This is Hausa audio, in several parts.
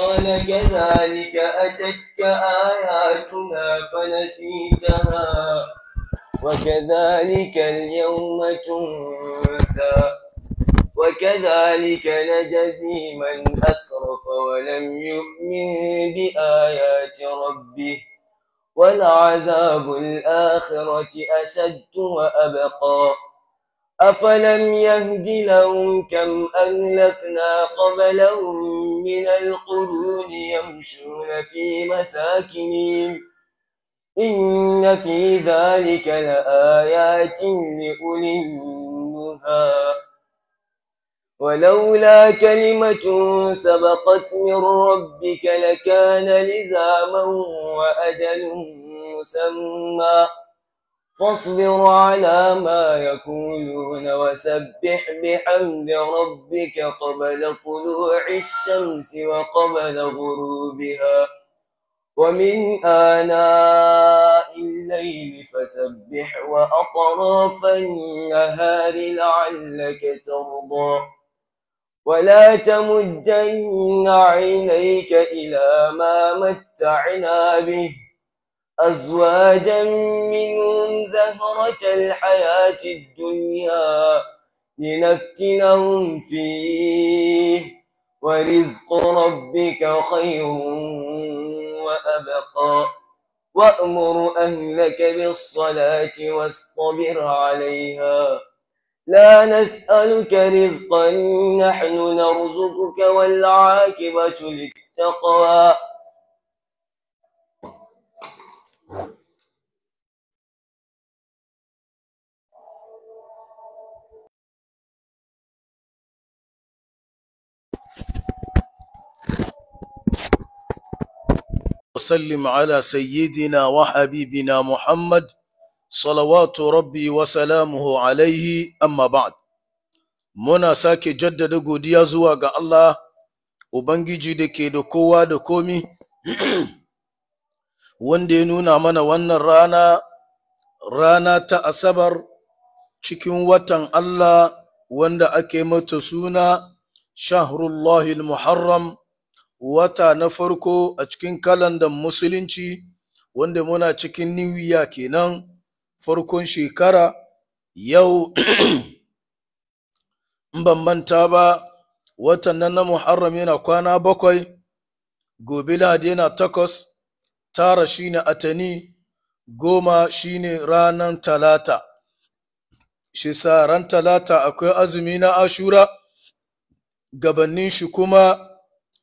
قال كذلك أتتك آياتنا فنسيتها وكذلك اليوم تنسى وكذلك نجزي من أسرف ولم يؤمن بآيات ربه ولعذاب الآخرة أشد وأبقى أفلم يهد لهم كم أهلكنا قبلهم من القرون يمشون في مساكنهم إن في ذلك لآيات لأولي النهى ولولا كلمة سبقت من ربك لكان لزاما وأجل مسمى فاصبر على ما يقولون وسبح بحمد ربك قبل طلوع الشمس وقبل غروبها ومن آناء الليل فسبح وأطراف النهار لعلك ترضى ولا تمدن عينيك إلى ما متعنا به أزواجا منهم زهرة الحياة الدنيا لنفتنهم فيه ورزق ربك خير وأبقى وأمر أهلك بالصلاة واصطبر عليها لا نسألك رزقا نحن نرزقك والعاقبة للتقوى وسلم على سيدنا وحبيبنا محمد صلوات ربي وسلامه عليه أما بعد muna sake jaddada godiya zuwa ga Allah Ubangiji da ke da kowa da komi wanda ya nuna mana wannan rana rana ta asabar cikin watan Allah wanda ake mata suna shahrullahil muharram wata na farko a cikin kalandar musulunci wanda muna cikin new year kenan farkon shekara yau in ban manta ba watan nan na muharram yana kwana bakwai gobe lahadi yana takwas tara shine atani goma shine ranar talata shi sa ran talata akwai azumi na ashura gabanin shi kuma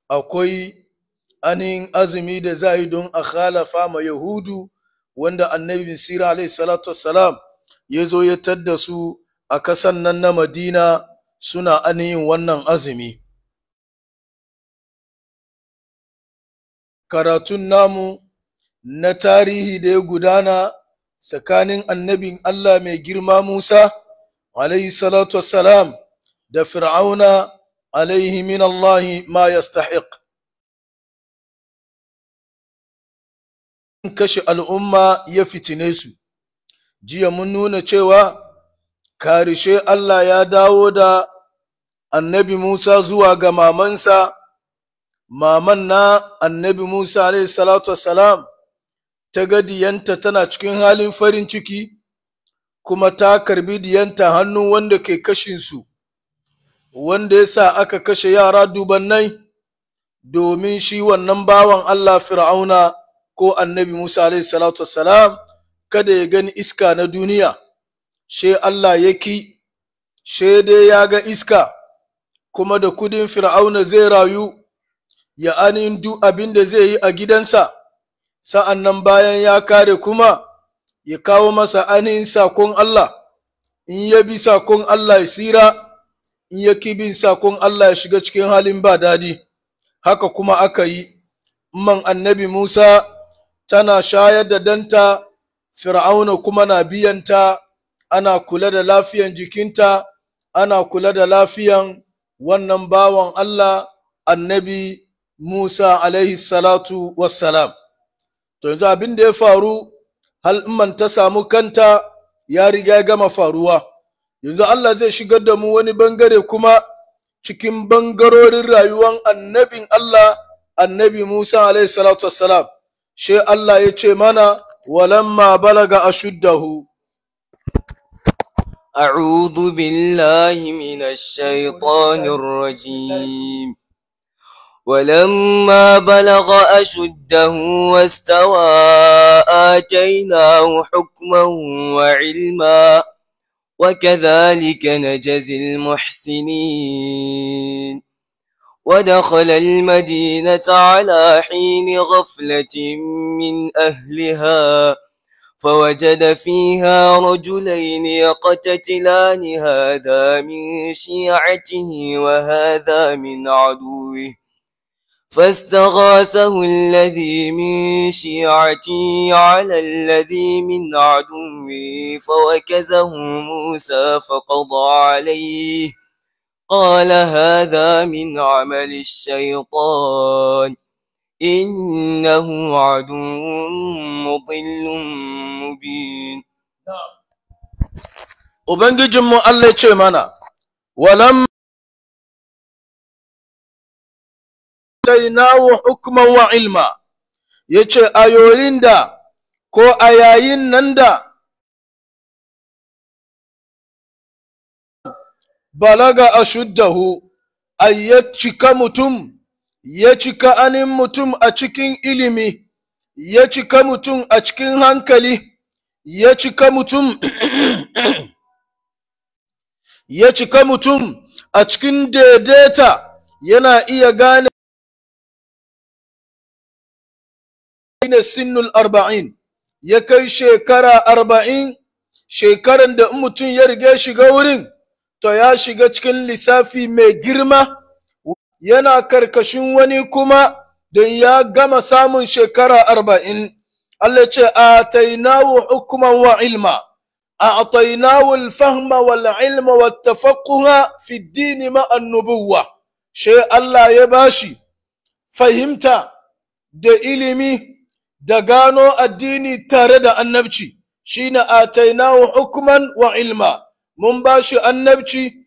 akwai anin azumi da za a yi don a khalafa ma yahudu wanda annabi sira alaihi salatu wassalam ya zo ya tadda su a kasan nan na madina suna anin wannan azumi karatun namu na tarihi da ya gudana tsakanin annabin allah mai girma musa alaihi salatu wassalam da fir'auna عليه من الله ما يستحق kashe al'umma ya fitine su jiya mun nuna cewa karishe Allah ya dawo da annabi Musa zuwa ga mamansa maman na annabi Musa salatu salam ta ga diyanta tana cikin halin farin ciki kuma ta karbi diyanta hannu wanda ke kashinsu wanda ya sa aka kashe yara dubannai domin shi wannan bawan Allah fir'auna ko annabi Musa salatu wassalam kada ya gani iska na duniya she Allah ya ki she dai ya ga iska kuma da kudin fir'auna zai rayu ya anin duk abin da zai yi a gidansa sa'an nan bayan ya kare kuma ya kawo masa anin sakon Allah in ya bi sakon Allah ya tsira in ya bin sakon Allah ya shiga cikin halin ba daɗi. haka kuma aka yi man annabi Musa tana shayar da danta fir'auna kuma na biyan ta. ana kula da lafiyan jikinta ana kula da lafiyan wannan bawan Allah annabi Musa alaihi salatu wassalam to yanzu abin da ya faru hal man ta samu kanta ya riga ya gama faruwa yanzu Allah zai shigar da mu wani bangare kuma cikin bangarorin rayuwar annabin Allah annabi Musa alayhi salatu wassalam she Allah ya ce mana walamma balaga ashuddahu a'udhu billahi minash shaitanir rajim ولما بلغ أشده واستوى آتيناه حكما وعلما وكذلك نجزي المحسنين ودخل المدينة على حين غفلة من أهلها فوجد فيها رجلين يقتتلان هذا من شيعته وهذا من عدوه فاستغاثه الذي من شيعتي على الذي من عدوي فوكزه موسى فقضى عليه قال هذا من عمل الشيطان إنه عدو مضل مبين Ubangijinmu نعم. جمع الله ce مانا ولم atainahu hukman wa ilma yace a yoyin da ko a yayin nan da balaga ashuddahu ay ya cika mutum ya cika anin mutum a cikin ilimi ya cika mutum a cikin hankali ya cika mutum ya cika mutum a cikin daidaita yana iya gane shine sinnul arba'in ya kai shekara arba'in shekaran da mutum ya riga shiga wurin to ya shiga cikin lissafi mai girma yana karkashin wani kuma don ya gama samun shekara arba'in Allah ce a tainawu hukuman wa ilma a tainawu alfahma wal ilma wa tafaqquha fi dini ma annubuwa Allah ya bashi fahimta da ilimi da gano addini tare da annabci shine atainahu hukman wa ilma mun bashi annabci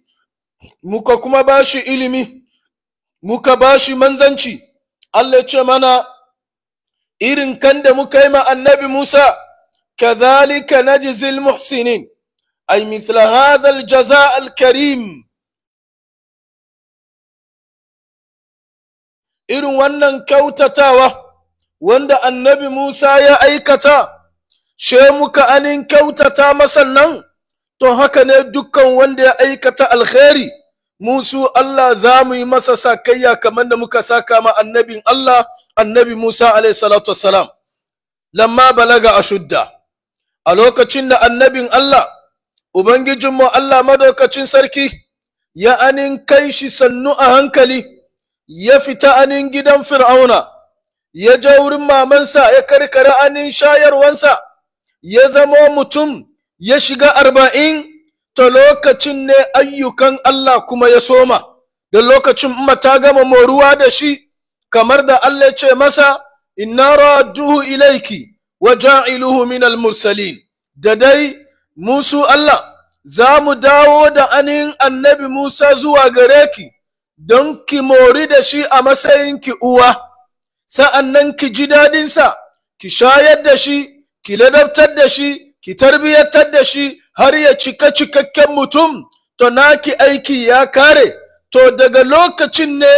muka kuma bashi ilimi muka bashi manzanci Allah ce mana irin kan da muka yi ma annabi Musa kadhalika najzil muhsinin ay mithla hadha al jazaa al karim irin wannan kautatawa wanda annabi Musa ya aikata, she muka anin kyautata masa nan, to haka ne dukkan wanda ya aikata alkhairi, musu Allah za mu yi masa sakayya kamar da muka saka ma annabin Allah, annabi Musa salatu salam. Lamma balaga ashudda, a lokacin da annabin Allah, Ubangijinmu Allah madaukacin sarki, ya anin kai shi sannu a hankali, ya fita anin gidan Fir'auna. ya je wurin mamansa ya karkara anin shayarwansa ya zamo mutum ya shiga arba'in ta lokacin ne ayyukan Allah kuma ya soma da lokacin umma ta gama moruwa da shi kamar da Allah ya ce masa inna raduhu ilaiki wa ja'iluhu al mursalin da dai musu Allah za mu dawo da anin annabi Musa zuwa gare ki don ki mori da shi a matsayin ki uwa sa'an nan ki ji daɗinsa ki shayar da shi ki ladabtar da shi ki tarbiyyatar da shi har ya cika cikakken mutum to naki aiki ya kare to daga lokacin ne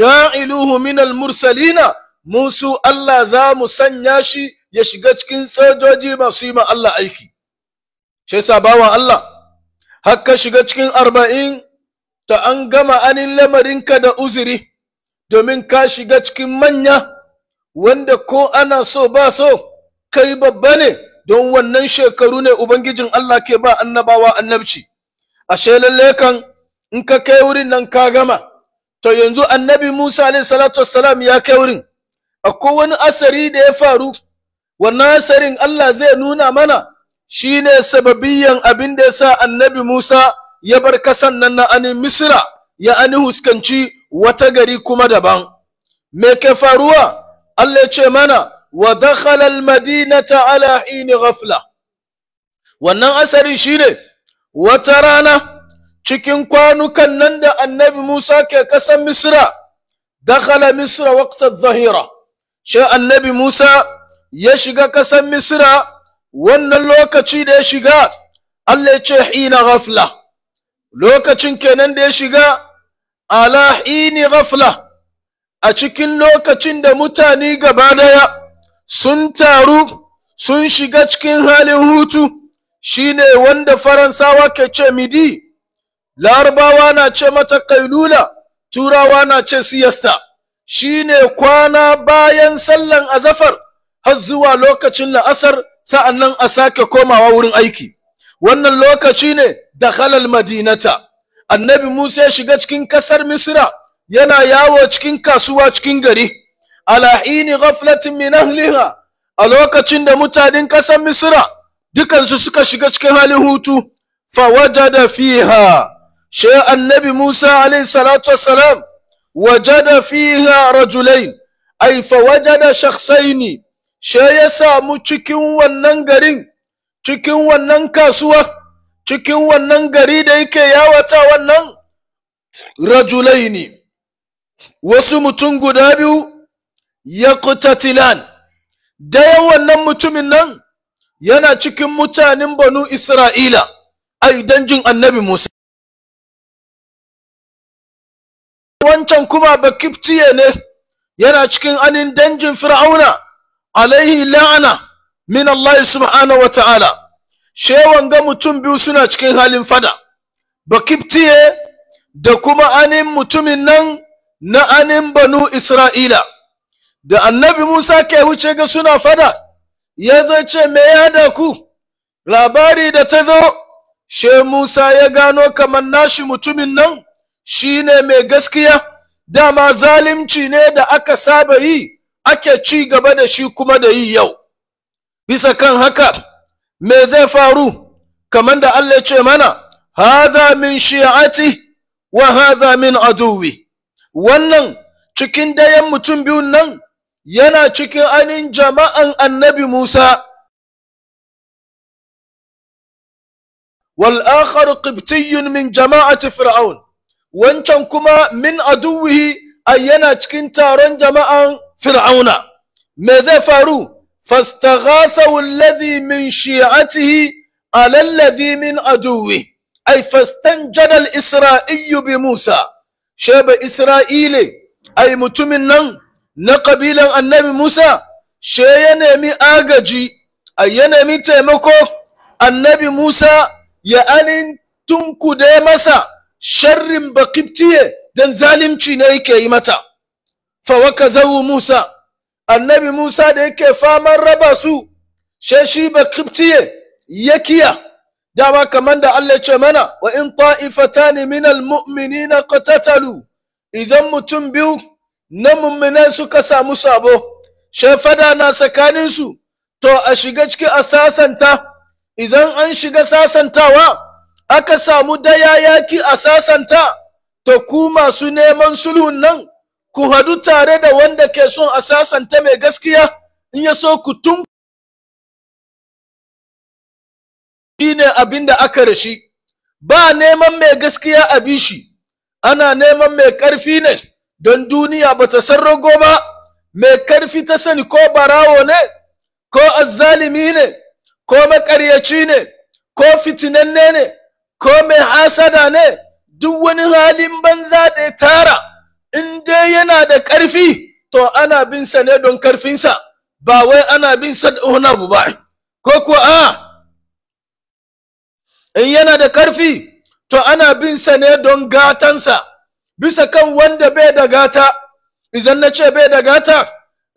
ja'iluhu minal mursalina musu Allah za mu sanya shi ya shiga cikin sojoji masu yi ma Allah aiki shi yasa Allah hakka shiga cikin arba'in ta an gama anin lamarinka da uzuri domin ka shiga cikin manya wanda ko ana so ba so kai babba ne don wannan shekaru ne ubangijin Allah ke ba annabawa annabci ashe lalle kan in ka kai wurin nan ka gama to yanzu annabi Musa alaihi salatu wassalam ya kai wurin akwai wani asari da ya faru wannan asarin Allah zai nuna mana shine sababiyan abin da yasa annabi Musa ya bar kasan nan na ani Misra ya ani huskanci wata gari kuma daban me ke faruwa Allah ya ce mana wa dakhala madinata ala hini ghafla wannan asari shine wata rana cikin kwanukan nan da annabi Musa ke kasan Misra dakhala Misra waqta zahira. dhahira shi annabi Musa ya shiga kasan Misra wannan lokaci da ya shiga Allah ya ce hina ghafla lokacin kenan da ya shiga ala hini ghafla a cikin lokacin da mutane gaba daya sun taru sun shiga cikin halin hutu shine wanda faransawa ke ce midi larabawa na ce mata kailula turawa na ce siyasta shine kwana bayan sallan azafar har zuwa lokacin la'asar sa'an nan a sake komawa wurin aiki wannan lokaci ne da halal madinata annabi musa ya shiga cikin kasar Misira. yana yawo cikin kasuwa cikin gari ala hini ghaflatin min ahliha a lokacin da mutanen ƙasar misra dukansu suka shiga cikin halin hutu fa wajada fiha shi annabi musa alayhi salatu wassalam wajada fiha rajulain ay fa wajada shakhsaini shi ya samu cikin wannan garin cikin wannan kasuwa cikin wannan gari da yake yawata wannan rajulaini wasu mutum guda biyu ya kutatilan da yawan nan mutumin nan yana cikin mutanen banu isra'ila ai danjin annabi musa wancan kuma bakiftiye ne yana cikin anin danjin fir'auna alaihi la'ana min Allah subhanahu wa ta'ala shewan ga mutum biyu suna cikin halin fada bakiftiye da kuma anin mutumin nan na anin banu Isra'ila, da annabi Musa ke wuce ga suna fada, ya zai ce, Me ya da ku, labari da ta zo, she Musa ya gano kamar nashi mutumin nan shine mai gaskiya, dama zalimci ne da aka saba yi, ake ci gaba da shi kuma da yi yau. Bisa kan haka, me zai faru, kamar da Allah ce mana, Haza min shi'ati wa haza min aduwi. wannan cikin dayan mutum biyun nan yana cikin ainihin jama'an annabi Musa wal akhar qibtiyyun min jama'ati fir'aun wancan kuma min aduwihi a yana cikin taron jama'an fir'auna me zai faru fastaghathahu alladhi min shi'atihi ala alladhi min aduwihi Ai fastan al-isra'iyyu bi Musa sheba isra'ile ai mutumin nan na kabilan annabi musa she ya nemi agaji a ya nemi taimako annabi musa ya anin tunkude masa sharrin bakiftiye don zalimci ne yake yi mata fawaka zawu musa annabi musa da yake faman raba su she shi bakiftiye ya kiya dama kamar da Allah ce mana wa in ta'ifatani minal mu'minina qatatalu idan mutum biyu na mumminai suka samu sabo shafada na tsakanin su to a shiga ciki a sasanta idan an shiga sasantawa aka samu daya yaki a sasanta to ku masu neman sulhun nan ku hadu tare da wanda ke son a sasanta mai gaskiya in ya so ku tun shine abin da aka rashi ba neman mai gaskiya a bishi ana neman mai ƙarfi ne don duniya ba ta san rago ba mai ƙarfi ta sani ko barawo ne ko azzalimi ne ko maƙaryaci ne ko fitinanne ne ko mai hasada ne duk wani halin banza da tara in dai yana da ƙarfi to ana bin sa ne don ƙarfinsa ba wai ana bin sa da wani abu ba ko kuwa a in yana da karfi to ana bin sa ne don gatansa bisa kan wanda bai da gata Izan na ce bai da gata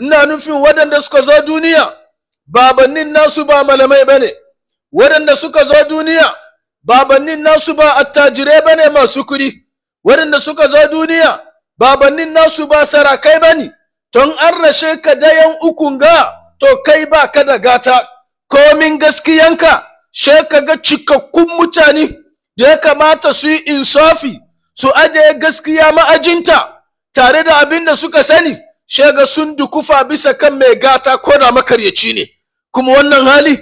ina nufin waɗanda suka zo duniya babannin nasu ba malamai bane waɗanda suka zo duniya babannin nasu ba attajirai bane masu kuɗi waɗanda suka zo duniya babannin nasu ba sarakai bane ton an rashe ka dayan ukun ga to kai ba ka da gata komin gaskiyanka she ga cikakkun mutane da ya kamata su yi insafi su ajiye gaskiya ma'ajinta tare da abin da suka sani shega sun dukufa bisa kan mai gata ko da makaryaci ne kuma wannan hali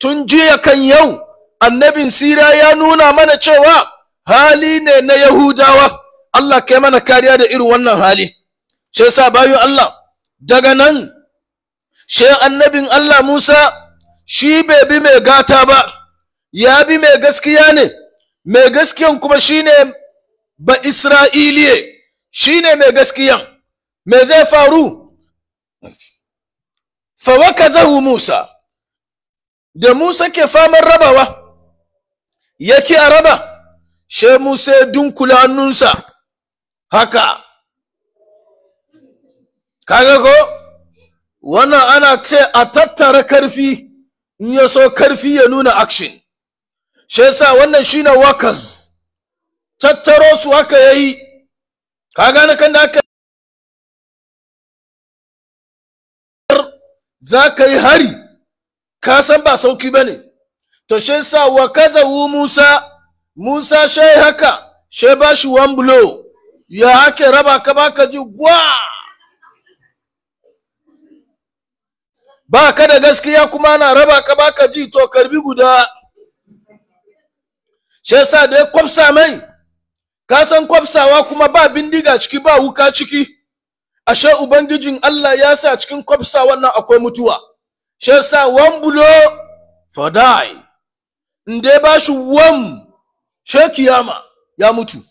tun jiya kan yau annabin sira ya nuna mana cewa hali ne na yahudawa Allah kai mana kariya da irin wannan hali sai sa bayu Allah daga nan she annabin Allah Musa shi bai bi mai gata ba ya bi mai gaskiya ne mai gaskiyan kuma shi shine ba isra'iliye shine mai gaskiyan me zai faru fawaka zahu musa da musa ke faman rabawa yake a raba she musa ya dunkula hannunsa haka kaga ko wannan ana ce a tattara karfi in ya so karfi ya nuna action shi yasa wannan shine workers tattaro su haka yayi ka gane kan da aka za ka yi hari ka san ba sauki ba ne to shi yasa wa kaza wu musa musa shi haka shi ba shi one blow ya hake raba ka baka ji gwa ba ka da gaskiya kuma ana raba ka baka ji to karbi guda shi yasa da ya mai ka san kwafsawa kuma ba bindiga ciki ba wuka ciki ashe ubangijin Allah ya sa cikin kwafsa wannan akwai mutuwa shi yasa wan bulo for die in ba shi wan she kiyama ya mutu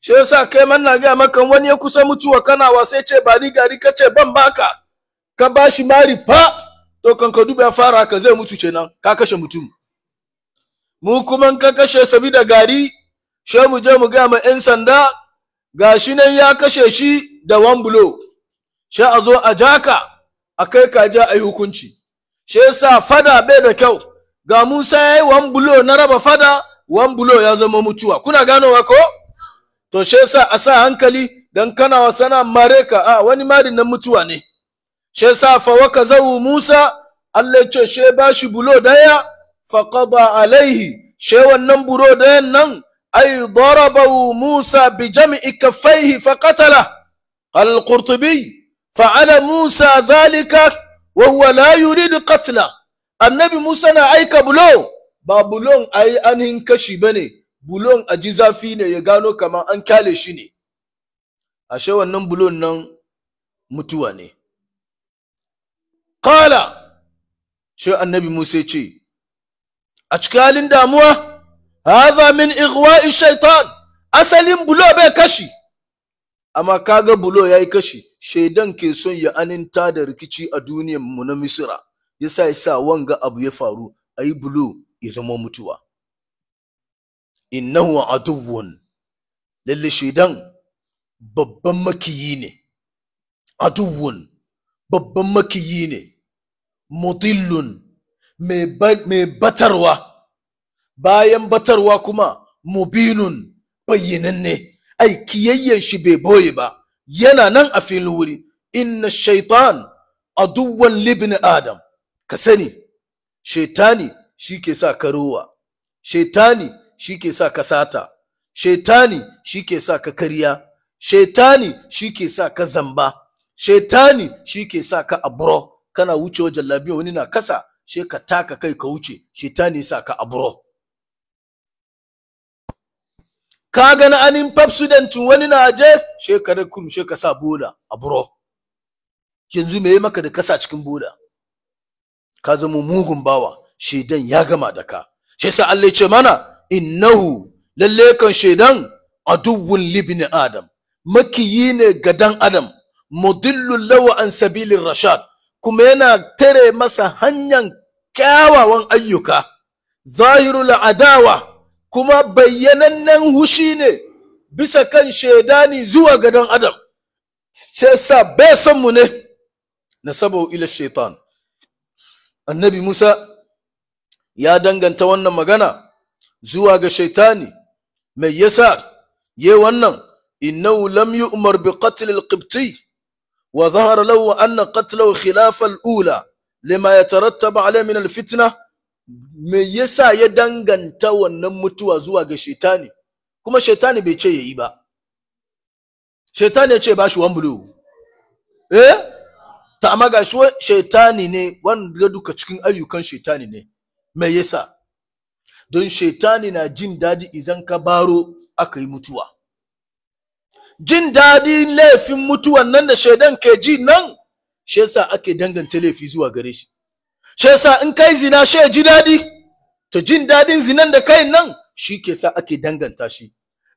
shi yasa kai man na ga maka wani ya kusa mutuwa kana sai ce ba ni gari kace ban baka ka ba shi mari fa to kan ka duba fara ka zai mutu kenan ka kashe mutum mu kuma ka kashe sabi da gari she mu je mu ga ma yan sanda gashi nan ya kashe shi da one bulo Sha a zo a jaka a kai ka ja a hukunci she yasa fada bai da kyau ga Musa yayi one bulo na raba fada one bulo ya zama mutuwa kuna ganowa ko to she yasa a sa hankali dan kana wasana mare ka a wani marin nan mutuwa ne she sa fa waka zau Musa Allah ce she ba shi bulo daya fa qada alaihi she wannan buro dayan nan ay darabahu Musa bi jam'i kaffaihi fa qatala al-Qurtubi fa'ala Musa zalika wa huwa la yuridu qatla annabi Musa na aika bulo ba bulon ai anin kashi bane bulon a ji zafi ne ya gano kamar an kyale shi ne ashe wannan bulon nan mutuwa ne Kala, shi annabi Musa ce, A cikin halin damuwa, haza min igwa'i shaitan, asalin bulo bai kashi, amma kaga bulo ya yi kashi, shaidan ke son ya aninta da rikici a duniyar mu na Misira, ya sa sa wanga abu ya faru, a yi bulo ya zama mutuwa. Innahu aduwun, lalle shaidan babban makiyi ne, aduwun babban makiyi ne. mutillun mai batarwa bayan batarwa kuma mubinun ne. ai kiyayyen shi bai boye ba yana nan a filin wuri inna shaitan a aduwan libin adam ka sani shaitani shi ke sa ka rowa shaitani shi ke sa ka sata shaitani shi ke sa ka karya shaitani shi ke sa ka zamba shaitani shi ke sa ka aburo. kana wucewa jallabiya wani na kasa she ka taka kai ka wuce ta nisa ka aburo ka ga na anin pepsodent wani na je she ka da she ka sa bola aburo yanzu me maka da kasa cikin bola ka zama mugun bawa shaidan ya gama da ka shi sa Allah ce mana innahu lalle kan shaidan aduwwun Libin adam makiyi ne ga adam mudillu lawa an sabilir rashad kuma yana tare masa hanyar kyawawan ayyuka zahiru adawa kuma bayyanannen hushi ne bisa kan shaidani zuwa ga dan adam shi sa bai son mu ne sabo ila shaitan annabi musa ya danganta wannan magana zuwa ga shaitani mai yasa ye wannan innahu lam yu'mar bi qatl al-qibti وظهر له أن قتله خلاف الأولى لما يترتب عليه من الفتنة me yasa ya danganta wannan mutuwa zuwa ga shaitani kuma shaitani bai ce yayi ba shaitani ya ce ba shi wambulu eh ta ga shi ne wanda duka cikin ayyukan shaitani ne me yasa don shaitani na jin daɗi idan ka baro aka yi mutuwa jin daɗin laifin mutuwan nan da shaidan ke ji nan shi yasa ake danganta laifi zuwa gare shi shi yasa in kai zina shi ji daɗi to jin daɗin zinan da kai nan shi ke sa ake danganta shi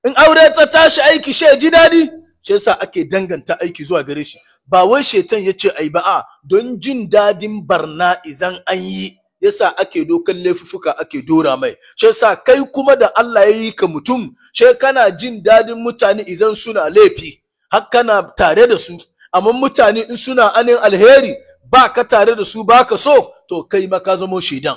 in aure ta tashi aiki shi ji daɗi shi yasa ake danganta aiki zuwa gare shi ba wai shaitan ya ce ai ba don jin daɗin barna izan an yi yasa ake dokan laifuka ake dora mai shi sa kai kuma da Allah ya yi ka mutum shi kana jin dadin mutane idan suna laifi har kana tare da su amma mutane in suna anin alheri ba ka tare da su ba ka so to kai ma ka zamo shaidan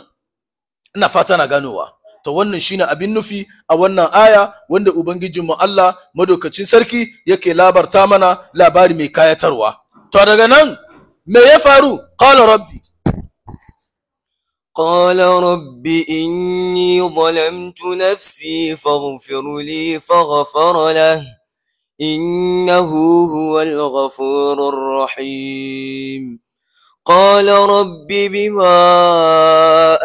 ina fata na ganowa to wannan shine abin nufi a wannan aya wanda ubangijin mu Allah madaukacin sarki yake labarta mana labari mai kayatarwa to daga nan me ya faru qala rabbi قال رب إني ظلمت نفسي فاغفر لي فغفر له إنه هو الغفور الرحيم قال رب بما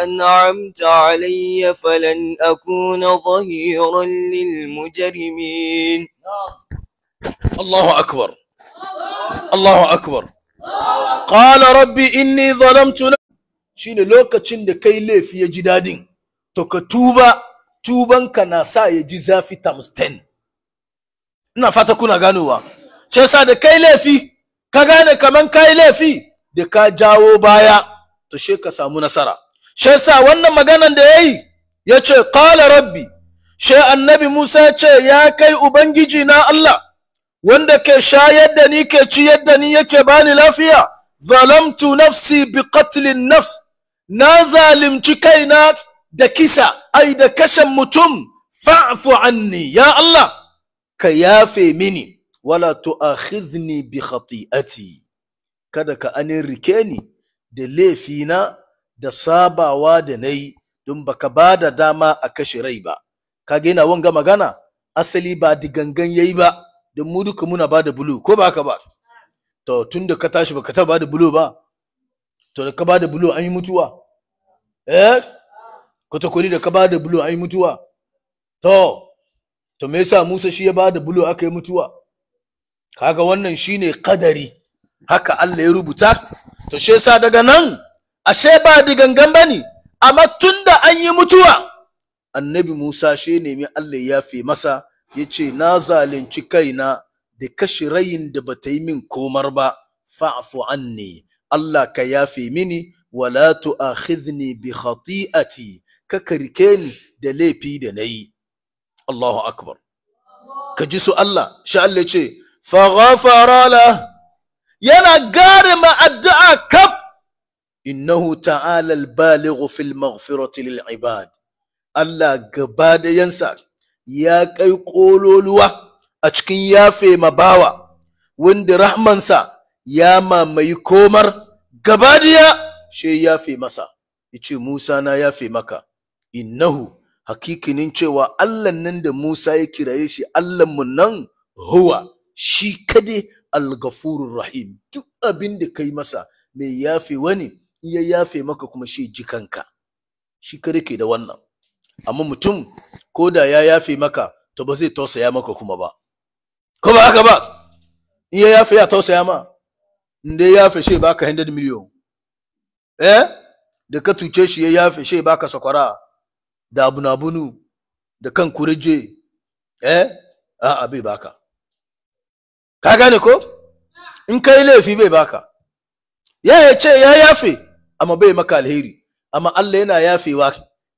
أنعمت علي فلن أكون ظهيرا للمجرمين الله أكبر الله أكبر قال رب إني ظلمت shine lokacin da kai laifi ya ji dadin to ka tuba tubanka na sa ya ji zafi times 10 ina fata kuna ganowa shi sa da kai laifi ka gane kaman kai laifi da ka jawo baya to she ka samu nasara shi sa wannan maganan da yayi yace qala rabbi she annabi Musa ya ce ya kai ubangiji na Allah wanda ke shayar da ni ke ci yadda ni yake bani lafiya zalamtu nafsi bi qatlin nafs na zalimci kaina da kisa ai da kashen mutum fa'fu anni ya Allah ka yafe mini wala tu'akhidhni bi khati'ati kada ka anin rike ni da laifina da sabawa da nayi don baka ba da dama a kashe rai ba ka yana wanga magana asali ba digangan yayi ba don mu duka muna ba da bulu ko ba ka ba to tun da ka tashi baka ta ba da bulu ba to da ka ba da bulo an yi mutuwa eh kwatakwali da ka ba da bulo an yi mutuwa to to me yasa Musa shi ya ba da bulo aka yi mutuwa kaga wannan shine kadari haka Allah ya rubuta to shi yasa daga nan ashe ba digangan bane amma tunda an yi mutuwa annabi Musa shi nemi Allah ya fi masa ya ce na zalunci kaina da kashi rayin da bata yi min komar ba fa'fu ne. Allah ka yafe mini wala tu'akhidhni bi khati'ati ka karke ni da laifi da nayi Allahu akbar ka ji su Allah sha Allah ce fa ghafara la yana gare ma addu'a kab. innahu ta'ala al-baligh fil maghfirati lil ibad Allah gaba da yansa ya kai kololuwa a cikin yafe bawa wanda rahmansa ya mamayi komar gabadiya ya yafe masa yace Musa na yafe maka innahu hakikinin cewa Allah nan da Musa ya kiraye shi Allah mu nan huwa shi kade al-ghafurur rahim duk abin da kai masa mai yafe wani ya yafe maka kuma shi jikanka shi kade ke da wannan amma mutum ko da ya yafe maka to ba zai tausaya maka kuma ba ko ba haka ba in ya yafe ya tausaya ma inda ya fashe baka 100 million eh da ka tuce shi ya yafe shi baka sakwara da abunabunu da kan kureje eh a'a bai baka ka gane ko in kai laifi bai baka ya ya ce ya yafe amma bai maka alheri amma Allah yana yafewa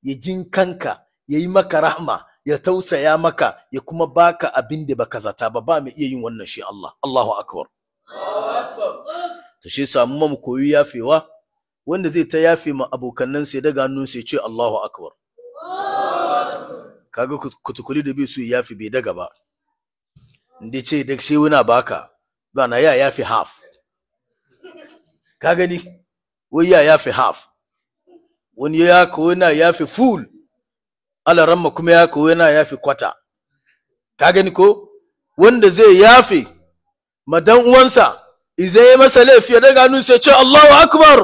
ya jin kanka ya yi maka rahma ya tausaya maka ya kuma baka abin da baka zata ba ba mai iya yin wannan shi Allah Allahu akbar ta shi samu mamu koyi yafewa wanda zai ta yafe ma abokannan sai daga hannun sai ce Allahu akbar kaga kutukuli da bai su yafe bai daga ba inda ce da shi wuna baka ba na ya yafe half ka gani wai ya yafe half wani ya kawo yana yafe full alaramma kuma ya kawo yana yafe kwata ka gani ko wanda zai yafe madan uwansa izai masa laifi ya daga nun sai ce Allahu akbar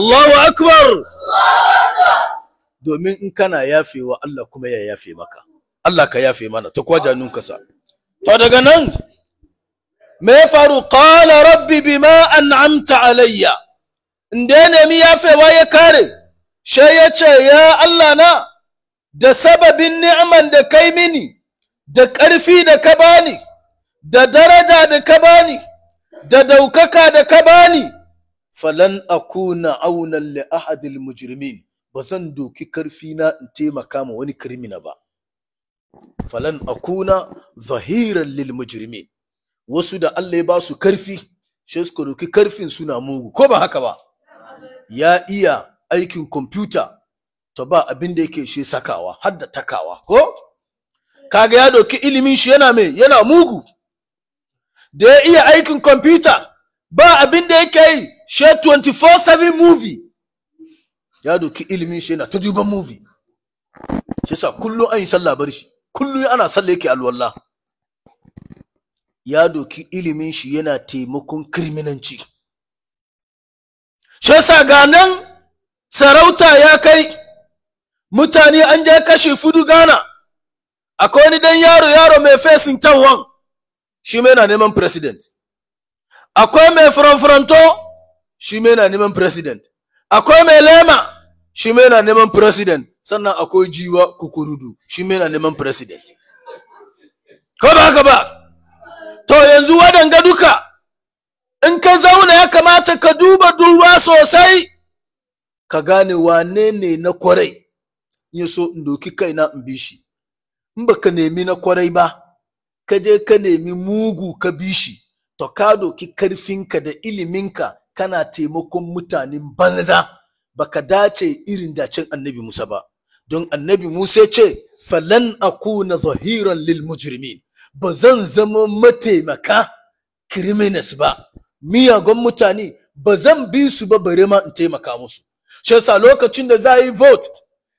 Allahu akbar domin in kana yafewa Allah kuma ya yafe maka Allah ka yafe mana ta kwaja ka sa to daga nan me ya faru qala rabbi bima an'amta alayya inda ya nemi yafewa ya kare she ya ce ya Allah na da sababin ni'man da kai mini da ƙarfi da ka bani da daraja da ka bani da daukaka da ka bani falan akuna aunan li ahadil mujrimin ba zan doki karfi na in taimaka ma wani kirmina ba falan akuna zahiran lil mujrimin wasu da Allah ya ba su karfi shi su doki karfin suna mugu ko ba haka ba ya iya aikin kwamfuta to ba abin da yake shi sakawa har da takawa ko kaga ya doki ilimin shi yana me yana mugu da ya iya aikin kwamfuta ba abin da yake yi she 24/7 movie ya doki ilimin shi yana ta duban movie shi sa kullum an yi sallah bar shi kullum ana sallah yake alwala ya doki ilimin shi yana taimakon kirminanci shi sa ganan sarauta ya kai mutane an je kashe fudu gana akwai wani dan yaro yaro mai fesin tawon. shi na neman president akwai mai furanfuranto shi na neman president akwai mai lema shi na neman president sannan akwai jiwa kukurudu shi na neman president ko ba haka ba to yanzu waɗanga duka in ka zauna ya kamata ka duba duba sosai ka gane wane ne na kwarai in so in doki kaina in bi shi in baka nemi na kwarai ba ka je ka nemi mugu ka bishi to ka doki karfinka da iliminka kana taimakon mutanen banza baka dace irin dacen annabi Musa ba don annabi Musa ce falan akuna zahiran lil mujrimin ba zan zama mataimaka criminals ba miyagun mutane ba zan bi su ba bare ma in taimaka musu shi yasa lokacin da za yi vote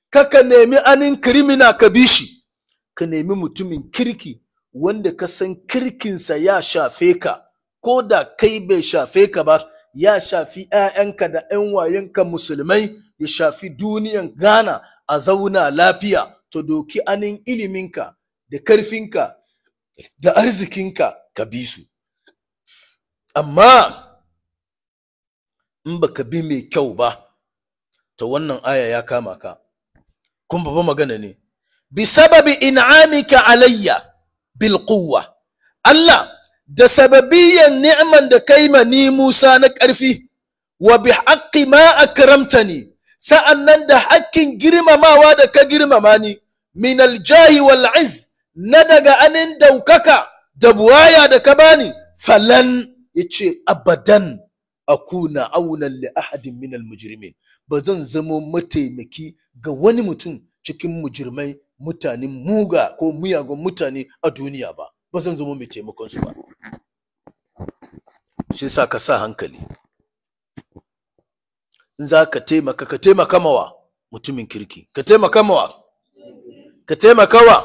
kaka nemi anin kirmina ka bishi ka nemi mutumin kirki wanda ka san kirkinsa ya shafe ka ko da kai bai shafe ka ba ya shafi 'ya'yanka da 'yan wayanka musulmai ya shafi duniyan ghana a zauna lafiya to doki anin iliminka da karfinka da arzikinka ka bi su amma in ba ka bi mai kyau ba ta wannan aya ya kama ka kun baba magana ne bi sababi in'amika alayya bil Allah da sababiyan ni'man da kai ma ni Musa na ƙarfi wa bi haqqi ma akramtani sa'annan da hakkin girmamawa da ka girmama ni min aljahi wal iz na daga anin daukaka da buwaya da ka bani falan yace abadan na aunan li ahadin min almujrimin ba zan zamo mataimaki ga wani mutum cikin mujirmai mutanen muga ko miyagun mutane a duniya ba ba zan zama mai taimakon su ba shi sa ka sa hankali in za ka taimaka ka taimaka mawa mutumin kirki ka taimaka mawa ka taimaka wa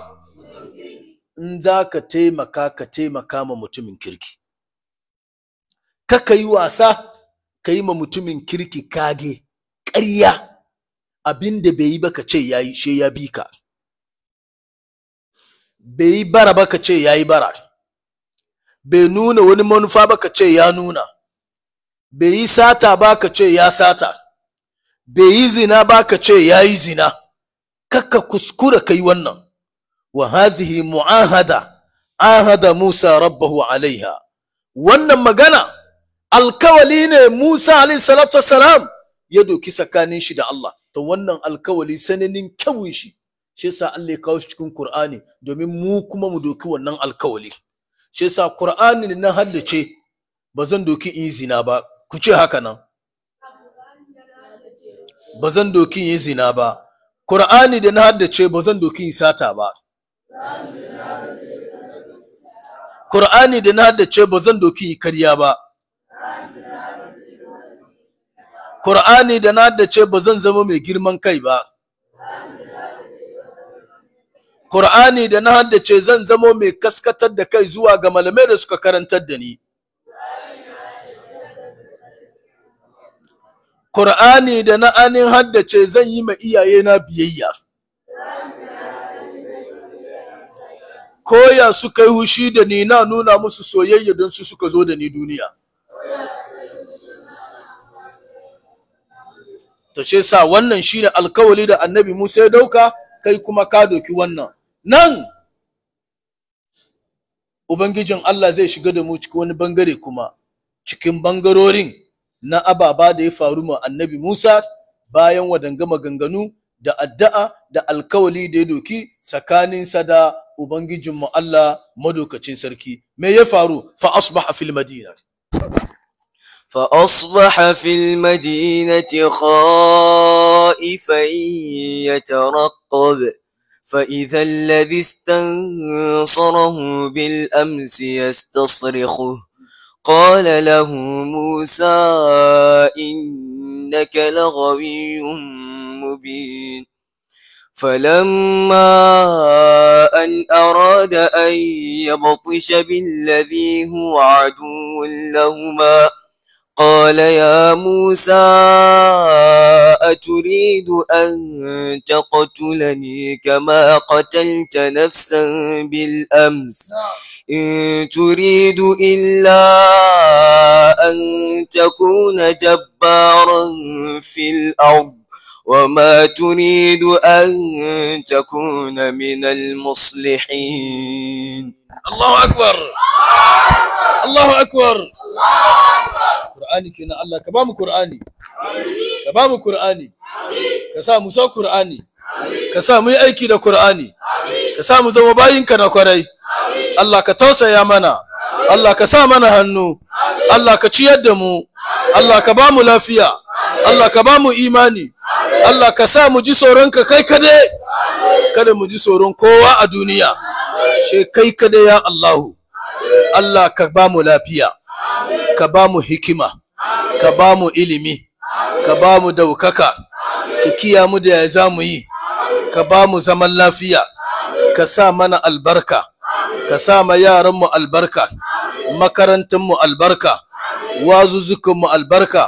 in za ka taimaka ka taimaka ma mutumin kirki kaka yi wasa ka yi ma mutumin kirki kage ƙarya abin da bai yi ba ka ce ya yi she ya bi ka bai yi bara ba ka ce ya yi bara bai nuna wani manufa ba ka ce ya nuna bai yi sata ba ka ce ya sata bai yi zina ba ka ce ya yi zina kakka kuskura kai wannan wa hadhihi mu'ahada ahada Musa rabbahu alaiha wannan magana alkawali ne Musa alaihi salatu wassalam ya doki tsakanin shi da Allah to wannan alkawali sananin kyawun shi shi yasa Allah ya kawo shi cikin Qur'ani domin mu kuma mu doki wannan alkawali shi yasa Qur'ani na haddace ba zan doki in yi zina ba ku ce haka nan ba zan doki in yi zina ba Qur'ani da na haddace ba zan doki in sata ba Qur'ani da na haddace ba zan doki in karya ba Qur'ani da na haddace ba zan zama mai girman kai ba Qur'ani da na haddace zan zamo mai kaskatar da kai zuwa ga malamai da suka karantar da ni. Qur'ani da na anin haddace zan yi ma iyaye na biyayya. Koya su yi hushi da ni na nuna musu soyayya don su suka zo da ni duniya. To shi sa wannan shine alkawali da Annabi Musa ya dauka kai kuma ka doki wannan. nan ubangijin Allah zai shiga da mu cikin wani bangare kuma cikin bangarorin na ababa da ya faru ma annabi Musa bayan wadanga maganganu da addu'a da alkawali da ya doki tsakaninsa da ubangijinmu Allah madaukacin sarki me ya faru fa asbaha fil madina فأصبح في المدينة خائفا يترقب فإذا الذي استنصره بالأمس يستصرخه قال له موسى إنك لغوي مبين فلما أن أراد أن يبطش بالذي هو عدو لهما قال يا موسى أتريد أن تقتلني كما قتلت نفسا بالأمس إن تريد إلا أن تكون جبارا في الأرض وما تريد أن تكون من المصلحين الله أكبر الله أكبر الله أكبر Qur'ani kenan Allah ka ba mu Qur'ani ka ba mu Qur'ani ka sa mu so Qur'ani ka sa mu yi aiki da Qur'ani ka sa mu zama bayinka na kwarai Allah ka tausaya mana Allah ka sa mana hannu Allah ka ciyar da mu Allah ka ba mu lafiya Allah ka ba mu imani Allah ka sa mu ji tsoronka kai kade kada mu ji tsoron kowa a duniya she kai kade ya Allahu Allah ka ba mu lafiya ka ba mu hikima ka ba mu ilimi ka ba mu daukaka ka kiya mu da ya za mu yi ka ba mu zaman lafiya ka sa mana albarka ka sa ma yaranmu albarka makarantunmu albarka wazuzukunmu albarka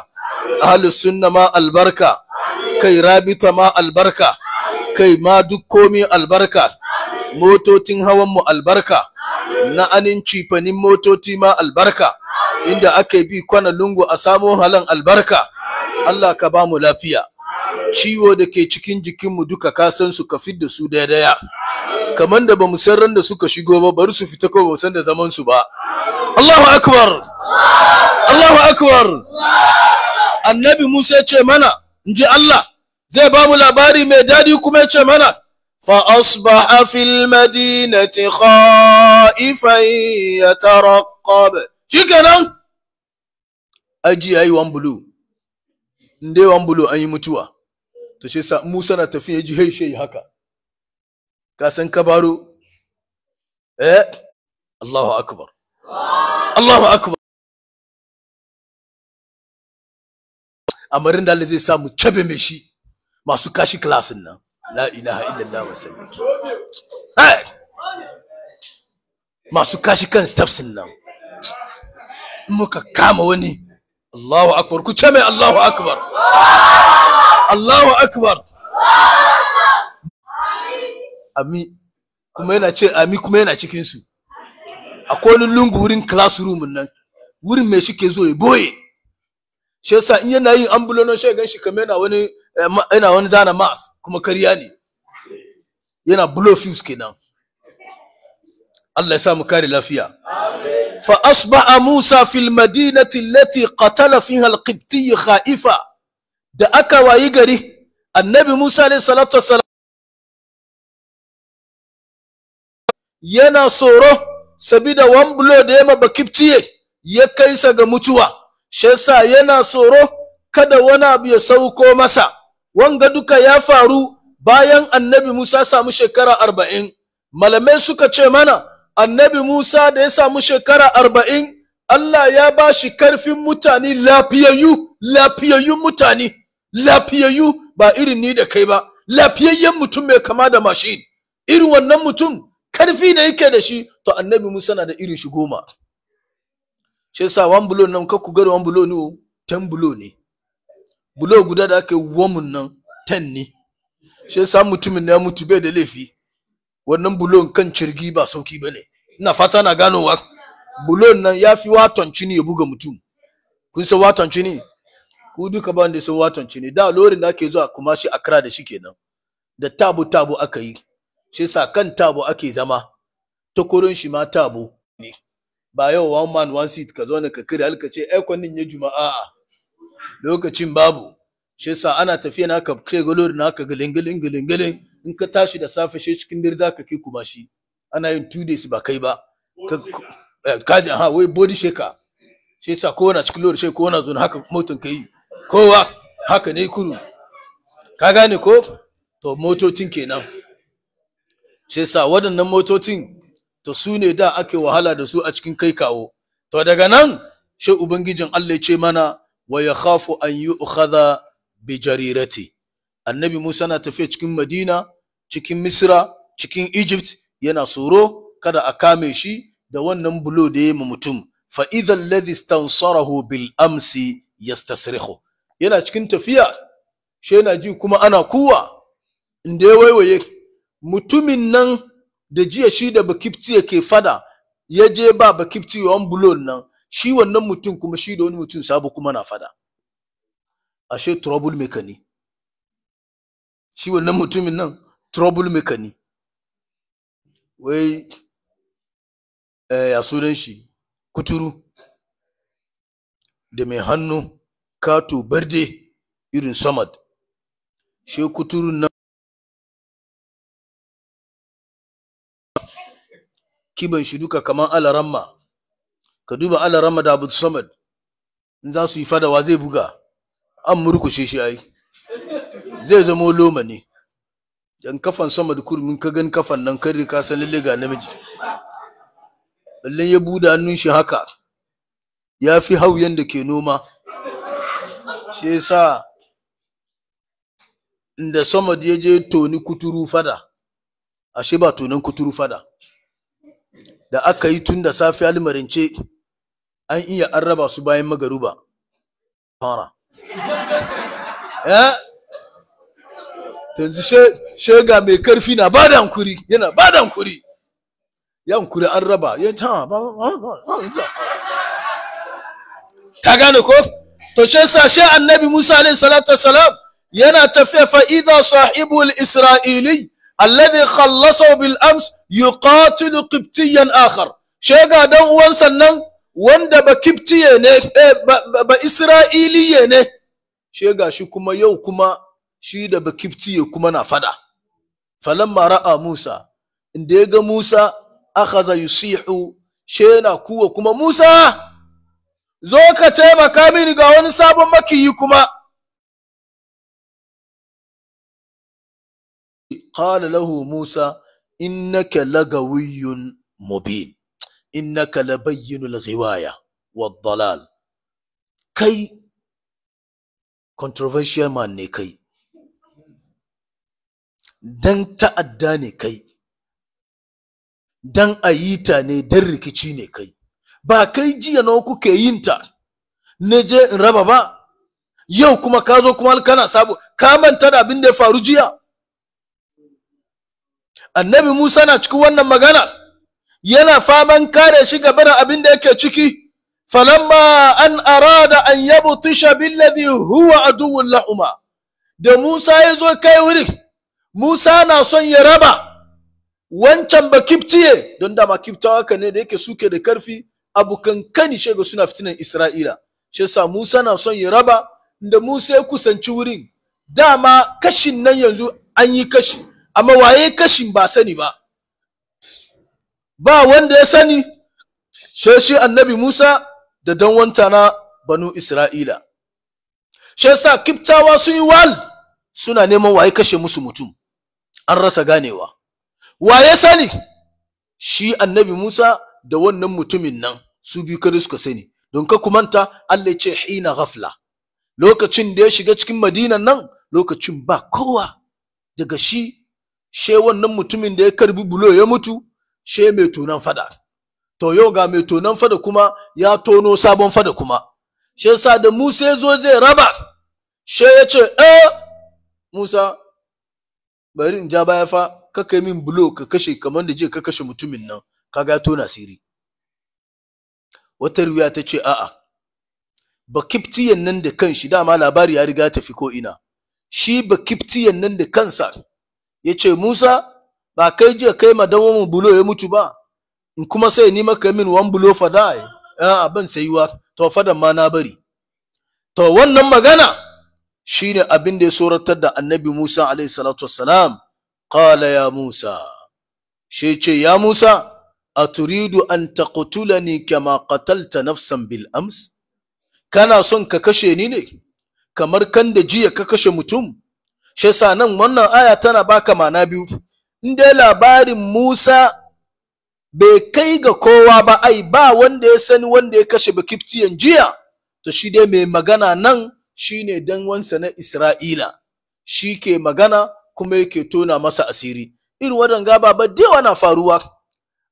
ahlus sunna ma albarka kai rabita ma albarka kai ma duk komi albarka motocin hawan mu albarka na anin cifanin motoci ma albarka inda ake bi kwana lungu a samo halan albarka Allah ka ba mu lafiya ciwo da ke cikin jikinmu duka ka san su ka fidda su daidaya kamar da bamu san ran da suka shigo ba bari su fita ko san da zaman su ba Allahu akbar Allahu akbar Annabi Musa ya ce mana inji Allah zai ba mu labari mai dadi kuma ce mana Fa fa'asbaha fil madinati khaifan yataraqqab shikenan aji ayi wan bulu inde wan bulu an yi mutuwa to shi sa musa na tafiye ya ji haishe haka ka san ka baro eh allahu akbar allahu akbar amarin da zai samu mu mai shi masu kashi klasin nan la ilaha illallah wa sallam hey! masu kashi kan stafsin nan muka kama wani Allahu akbar ku ce mai Allahu akbar Allahu akbar ami kuma yana ce ami kuma yana cikin su akwai wani lungu wurin classroom nan wurin mai shike zo ya boye shi yasa in yana yin ambulono shi gan shi kamar yana wani yana eh, wani zana mas kuma kariya ne yana blow fuse kenan Allah ya samu kare lafiya fa asba'a Musa fil madinati allati qatala fiha alqibti khaifa da aka wayi gari annabi Musa alayhi salatu wassalam yana tsoro sabida wan blow da yama kiptiye ya kaisa ga mutuwa shi yasa yana tsoro kada wani abu ya sauko masa wanga duka ya faru bayan annabi Musa samu shekara arba'in malamai suka ce mana annabi Musa da ya samu shekara arba'in Allah ya ba shi karfin mutane lafiyayyu lafiyayyun mutane lafiyayyu ba irin ni da kai ba lafiyayyen mutum mai kama da mashin irin wannan mutum karfi da yake da shi to annabi Musa na da irin shi goma shi wan bulo nan kakku gari wan bulo ne ten bulo ne bulo guda da aka yi woman nan ten ne shi yasa mutumin ya mutu bai da laifi wannan bulo kan cirgi ba sauki ba ne ina fata na ganowa bulo nan ya fi waton cini ya buga mutum kun san waton cini ku duka ba wanda sun waton cini da lorin da ake zuwa kuma shi akra da shi kenan da tabo tabo aka yi shi yasa kan tabo ake zama takorin shi ma tabo ne ba yau one man one seat ka zo ne ka kira alka ce ai kwanin ya juma'a lokacin babu shi yasa ana tafiya na ka ce galor na ka galin galin galin galin in ka tashi da safe shi cikin dare za ka kai kuma shi ana yin two days ba kai ba kaji eh, ha wai body shaker shi yasa ko na cikin lori shi ko na zuwa haka motin ka yi kowa haka ne kuru ka gane ko to motocin kenan shi yasa waɗannan motocin to su ne da ake wahala da su a cikin kai kawo to daga nan shi ubangijin Allah ya ce mana wa ya khafu an yi ukhadha bi jarirati annabi musa na tafiya cikin madina cikin misra cikin egypt yana tsoro kada a kame shi da wannan bulo da ya yi mutum fa idha alladhi istansarahu bil amsi yastasrihu yana cikin tafiya shi yana ji kuma ana kuwa inda ya waiwaye mutumin nan da jiya shi da bakipti yake fada ya je ba bakipti yawan bulon nan shi wannan mutum kuma shi da wani mutum sabo kuma na fada ashe trouble maker ne shi wannan mutumin nan trouble maker ne wai eh, ya sunan shi kuturu da mai hannu kato barde irin samad shi kuturun nan kiban shi duka kamar alaramma ka duba Allah Ramadan Abu Samad in za su yi fadawa zai buga an murkushe shi ai zai zama loma ne dan kafan Samad kurmin ka gan kafan nan kare ka san lalle ga namiji lalle ya buda hannun shi haka ya fi hauyen da ke noma shi yasa inda Samad ya je toni kuturu fada ashe ba tonin kuturu fada da aka yi tun da safi almarince an iya an raba su bayan magaruba fara yanzu shega mai karfi na ba da hankuri yana ba da hankuri ya hankuri an raba ya ta ba ta gane ko to she sa she annabi musa alaihi salatu wassalam yana tafiya fa idha sahibu al-isra'ili alladhi khallasahu bil ams yuqatilu qibtiyan akhar shega dan uwan sannan wanda ba kiftiye ne eh, ba isra'iliye ne she gashi kuma yau kuma shi da ba kiftiye kuma na fada mara mara'a musa inda ya ga musa za yusihu she yana kuwa kuma musa zo ka taimaka mini ga wani sabon makiyi kuma qala lahu musa in innaka lagawiyun mubin innaka labayyinul ghiwaya wad dalal kai controversial man ne kai dan ta'adda ne kai dan ayita ne dan rikici ne kai ba kai jiya nawa kuke yin ta na je in raba ba yau kuma ka zo kuma kana sabo ka manta da abin da ya faru jiya annabi musa na cikin wannan maganar. yana faman kare shi gaba da abin da yake ciki falamma an arada an yabtisha billadhi huwa aduwwun lahuma da Musa ya zo kai wuri Musa na son ya raba wancan ba kiftiye don dama kiftawa ka ne da yake suke da karfi abu kankani shega suna fitinan Isra'ila shi yasa Musa na son ya raba da Musa ya kusanci wurin dama kashin nan yanzu an yi kashi amma waye kashin ba sani ba ba wanda ya sani shi annabi Musa da dan wanta na banu Isra'ila. Shi yasa kiftawa sun yi wal suna neman waye kashe musu mutum, an rasa ganewa. Waye sani shi annabi Musa da wannan mutumin nan su bi kada suka sani, don ka kumanta Allah ce hina ghafla. Lokacin da ya shiga cikin madinan nan lokacin ba kowa daga shi she wannan mutumin da ya karbi bulo ya mutu she mai tonon fada to yau ga mai tonon fada kuma ya tono sabon fada kuma She yasa da Musa zo zai raba she ya ce eh Musa bari in ja baya fa ka kai min bulo ka kashe kamar da je ka kashe mutumin nan kaga ya tona siri wata riwaya ta ce a'a bakiftiyan nan da kanshi dama labari ya riga tafi ko ina shi bakiftiyan nan da kansa ya ce Musa ba kai jiya kai ma dan bulo ya mutu ba in kuma sai ni maka min wan bulo fa dai abin ban sayuwa to fadan ma na bari to wannan magana shine abin da ya soratar da annabi Musa alaihi salatu wassalam qala ya Musa shi ce ya Musa aturidu an taqtulani kama qatalta nafsan bil ams kana son ka kashe ni ne kamar kan da jiya ka kashe mutum shi nan wannan aya tana baka mana biyu in dai labarin Musa bai kai ga kowa ba ai ba wanda ya sani wanda ya kashe bakiftiyan jiya to shi dai mai magana nan shine dan wansa na Isra'ila shi ke magana kuma yake tona masa asiri irin wadan gaba ba dewa na faruwa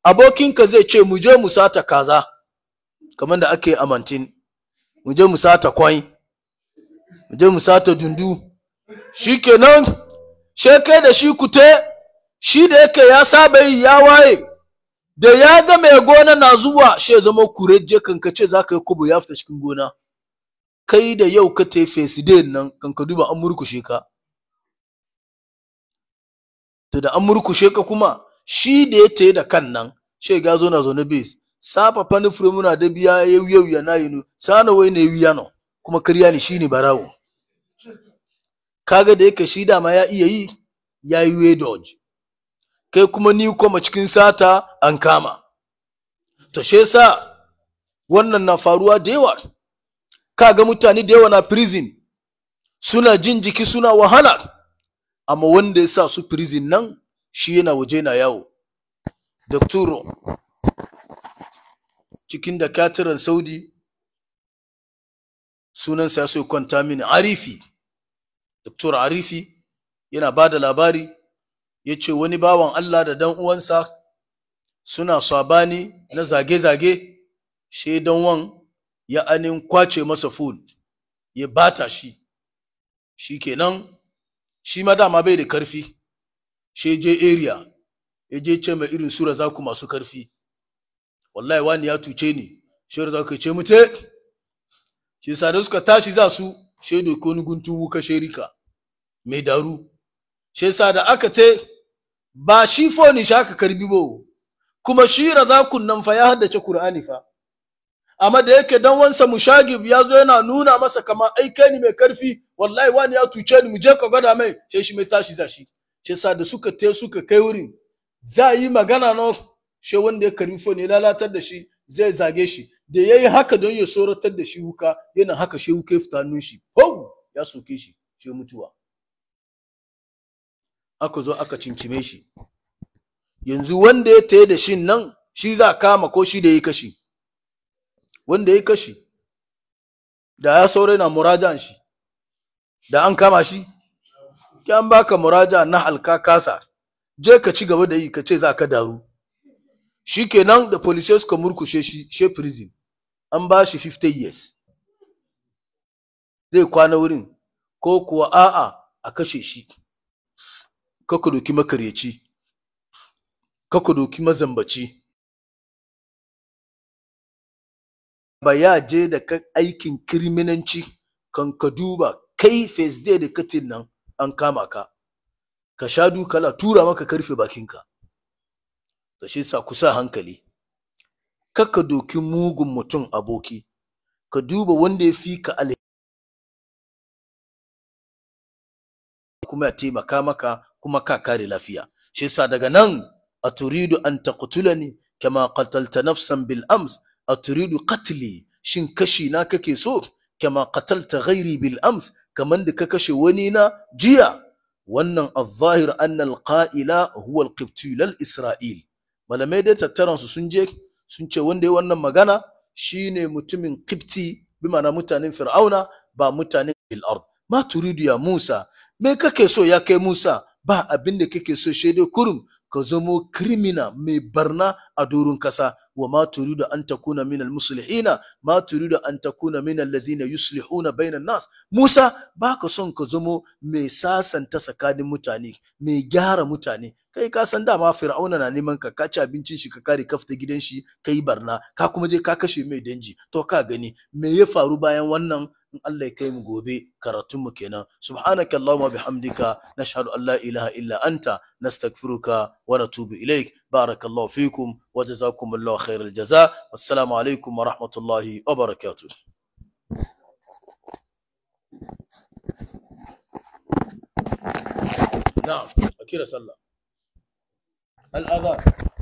abokinka zai ce mu je mu sata kaza kamar da ake amantin mu je mu sata kwai mu je mu sata dundu Shi nan, shekai da shi kute shi da yake ya saba yi ya waye da ya ga mai gona na zuwa shi zama kurejje kan ka ce za ka yi kubu ya fita cikin gona kai da yau ka ta face day nan kan ka duba an murkushe ka to da an murkushe ka kuma shi da ya ta da kan nan shi ga zo na zo na base safa fani muna da biya ya yau ya na yinu sana wai ne wiya no kuma kariya ne shine barawo kaga da yake shi dama ya iya yi ya yi dodge kai kuma ni kuma cikin sata an kama to shi yasa wannan na faruwa da yawa kaga mutane da yawa na prison suna jin jiki suna wahala amma wanda ya sa su prison nan shi yana waje na yawo doktoro cikin da katiran saudi sunansa ya so kwanta mini arifi doktor arifi yana ba da labari ya ce wani bawan Allah da dan uwansa suna sabani na zage-zage shi dan wan ya anin kwace masa food ya bata shi shi kenan shi ma dama bai da karfi shi je area ya je ce mai irin sura za ku masu karfi wallahi wani ya tuce ni shi za ku ce mute shi sa da suka tashi za su shi da wani guntun wuka sherika mai daru shi sa da aka ce ba shi foni sha ka karbi bo kuma shi razakun nan fa ya haddace Qur'ani fa amma da yake dan wansa mushagib ya zo yana nuna masa kamar ai kai ni mai karfi wallahi wani ya tuce ni mu je ka gwada mai sai shi mai tashi zashi sai sa da suka te suka kai wurin za yi magana no shi wanda ya karbi foni ya lalatar da shi zai zage shi da ya yi haka don ya soratar da shi wuka yana haka she wuka ya fita nun shi hau ya soke shi shi mutuwa aka zo aka cincime shi yanzu wanda ya taye da shin nan shi za kama ko shi da ya kashi wanda ya kashi da ya saurai na murajan shi da an kama shi an baka muraja na halka kasa je ka ci gaba da yi ka ce za ka daru shi kenan da police suka murkushe shi she prison an ba shi 50 years zai kwana wurin ko kuwa a'a a kashe shi ka ku doki makaryaci ka ku doki mazambaci ba ya je da ka aikin kirminanci kan ka duba kai face day da katin nan an kama ka ka sha dukala tura maka karfe bakinka da shi sa kusa hankali Ka ka doki mugun mutum aboki ka duba wanda ya fi ka alheri kuma ya taimaka maka kuma ka kare lafiya shi yasa daga nan aturidu an taqtulani kama qatalta nafsan bil ams aturidu qatli shin kashi na kake so kama qatalta ghairi bil ams kamar da ka kashe wani na jiya wannan al-zahir anna huwa isra'il malamai dai tattaran su sun je sun ce wanda ya wannan magana shine mutumin kibti, bi ma'ana mutanen fir'auna ba mutanen bil ard ma turidu ya musa me kake so ya kai musa ba abin da kake so shaidai kurum ka zamo kirimina mai barna a doron kasa wa ma turidu an takuna min al-muslihina ma turidu an takuna min alladhina yuslihuna bainan nas Musa baka son ka zamo mai sasanta tsakanin mutane mai gyara mutane kai ka san dama fir'auna na neman ka kaci ci abincin shi ka kare kafta gidan shi kai barna ka kuma je ka kashe mai danji to ka gani me ya faru bayan wannan in Allah ya kai mu gobe karatun mu kenan subhanakallahumma bihamdika nashhadu an la ilaha illa anta nastaghfiruka wa natubu ilaik بارك الله فيكم وجزاكم الله خير الجزاء والسلام عليكم ورحمة الله وبركاته نعم أكيد سلام الأذان